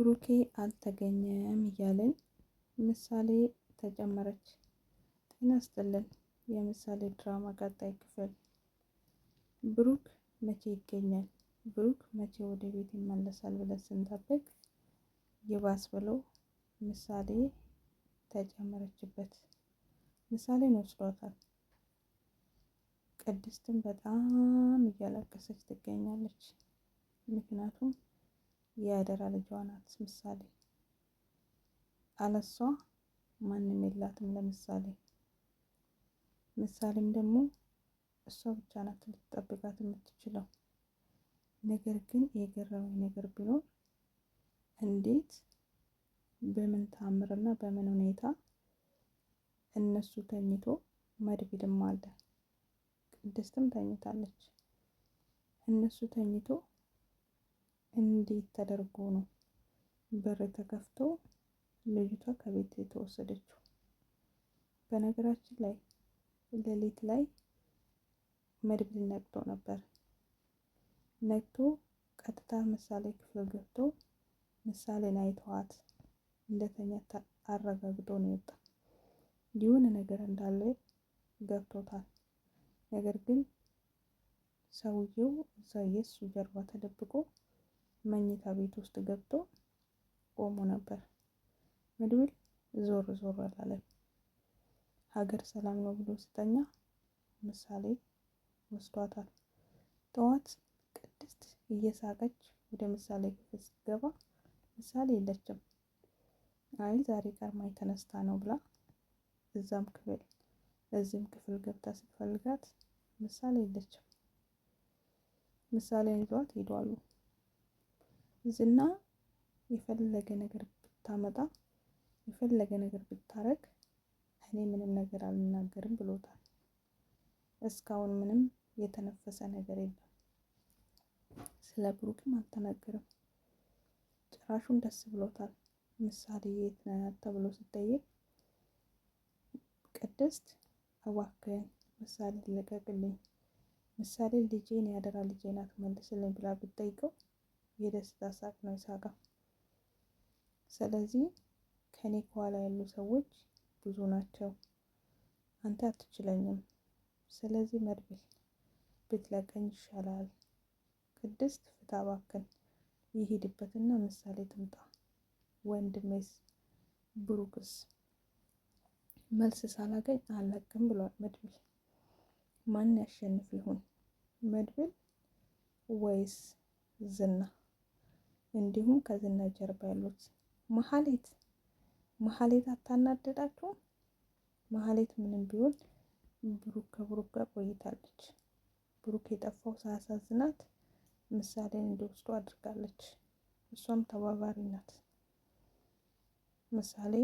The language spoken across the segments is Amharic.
ብሩኬ አልተገኘም እያለን ምሳሌ ተጨመረች። ጤና ይስጥልን። የምሳሌ ድራማ ቀጣይ ክፍል። ብሩክ መቼ ይገኛል? ብሩክ መቼ ወደ ቤት ይመለሳል ብለን ስንጠብቅ ይባስ ብሎ ምሳሌ ተጨመረችበት። ምሳሌ ነው ወስዷታል። ቅድስትን በጣም እያለቀሰች ትገኛለች። ምክንያቱም የአደራ ልጇ ናት። ምሳሌ አለሷ ማንም የላትም። ለምሳሌ ምሳሌም ደግሞ እሷ ብቻ ናት ልትጠብቃት የምትችለው። ነገር ግን የገረመኝ ነገር ቢኖር እንዴት በምን ታምር እና በምን ሁኔታ እነሱ ተኝቶ መድብልም አለ ቅድስትም ተኝታለች። እነሱ ተኝቶ እንዴት ተደርጎ ነው በር ተከፍቶ ልጅቷ ከቤት የተወሰደችው? በነገራችን ላይ ሌሊት ላይ መድብል ነቅቶ ነበር። ነቅቶ ቀጥታ ምሳሌ ክፍል ገብቶ ምሳሌን አይተዋት እንደተኛ አረጋግጦ ነው የወጣ። የሆነ ነገር እንዳለ ገብቶታል። ነገር ግን ሰውየው እዛ የሱ ጀርባ ተደብቆ መኝታ ቤት ውስጥ ገብቶ ቆሞ ነበር። መድብል ዞር ዞር አላለም። ሀገር ሰላም ነው ብሎ ሲተኛ ምሳሌ ወስዷታል። ጠዋት ቅድስት እየሳቀች ወደ ምሳሌ ክፍል ስትገባ ምሳሌ የለችም። አይ ዛሬ ቀድማ ተነስታ ነው ብላ እዛም ክፍል እዚህም ክፍል ገብታ ስትፈልጋት ምሳሌ የለችም። ምሳሌን ይዟት ሄዷሉ። ዝና የፈለገ ነገር ብታመጣ የፈለገ ነገር ብታረግ እኔ ምንም ነገር አልናገርም ብሎታል። እስካሁን ምንም የተነፈሰ ነገር የለም። ስለ ብሩክም አልተናገርም። ጭራሹን ደስ ብሎታል። ምሳሌ የት ናት ተብሎ ሲጠየቅ ቅድስት እባክህን ምሳሌ ልቀቅልኝ፣ ምሳሌ ልጄን ያደራ ልጄ ናት መልስልኝ ብላ ብትጠይቀው የደስታ ሳቅ ነው የሳቀው። ስለዚህ ከኔ ከኋላ ያሉ ሰዎች ብዙ ናቸው። አንተ አትችለኝም፣ ስለዚህ መርፌ ብትለቀኝ ይሻላል። ቅድስት ፍታ ባክን፣ ይሄድበትና ምሳሌ ትምጣ። ወንድሜስ ብሩክስ መልስ ሳላገኝ አለቅም ብሏል መድብል። ማን ያሸንፍ ይሆን መድብል ወይስ ዝና? እንዲሁም ከዝና ጀርባ ያሉት መሀሌት መሀሌት አታናደዳችሁም? መሀሌት ምንም ቢሆን ብሩክ ከብሩክ ጋር ቆይታለች። ብሩክ የጠፋው ሳያሳዝናት ምሳሌን እንዲወስዱ አድርጋለች። እሷም ተባባሪ ናት። ምሳሌ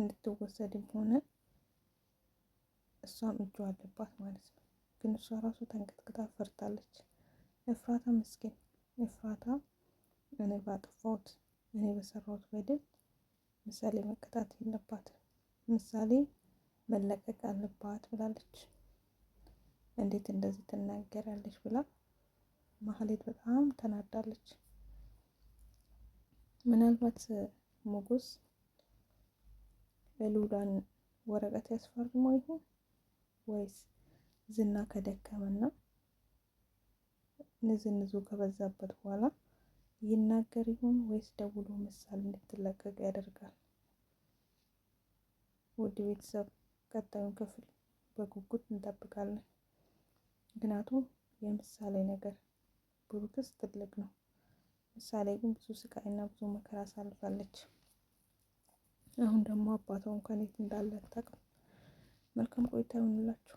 እንድትወሰድም ሆነ እሷም እጇ አለባት ማለት ነው። ግን እሷ ራሱ ተንቀጥቅጣ ፈርታለች። እፍራታ ምስኪን እፍራታ እኔ ባጠፋሁት እኔ በሰራሁት በደል ምሳሌ መቀጣት የለባት ምሳሌ መለቀቅ አለባት ብላለች። እንዴት እንደዚህ ትናገራለች ብላ ማህሌት በጣም ተናዳለች። ምናልባት ሞጎስ ሉላን ወረቀት ያስፈርሞ ይሆን ወይስ ዝና ከደከመና ንዝንዙ ከበዛበት በኋላ ይናገር ይሆን ወይስ ደውሎ ምሳሌ እንድትለቀቅ ያደርጋል? ውድ ቤተሰብ ቀጣዩን ክፍል በጉጉት እንጠብቃለን። ምክንያቱም የምሳሌ ነገር ብሩክስ ትልቅ ነው። ምሳሌ ግን ብዙ እና ብዙ መከራ አሳልፋለች። አሁን ደግሞ አባቷን ከኔት እንዳለ አታውቅም። መልካም ቆይታ ይሁንላችሁ።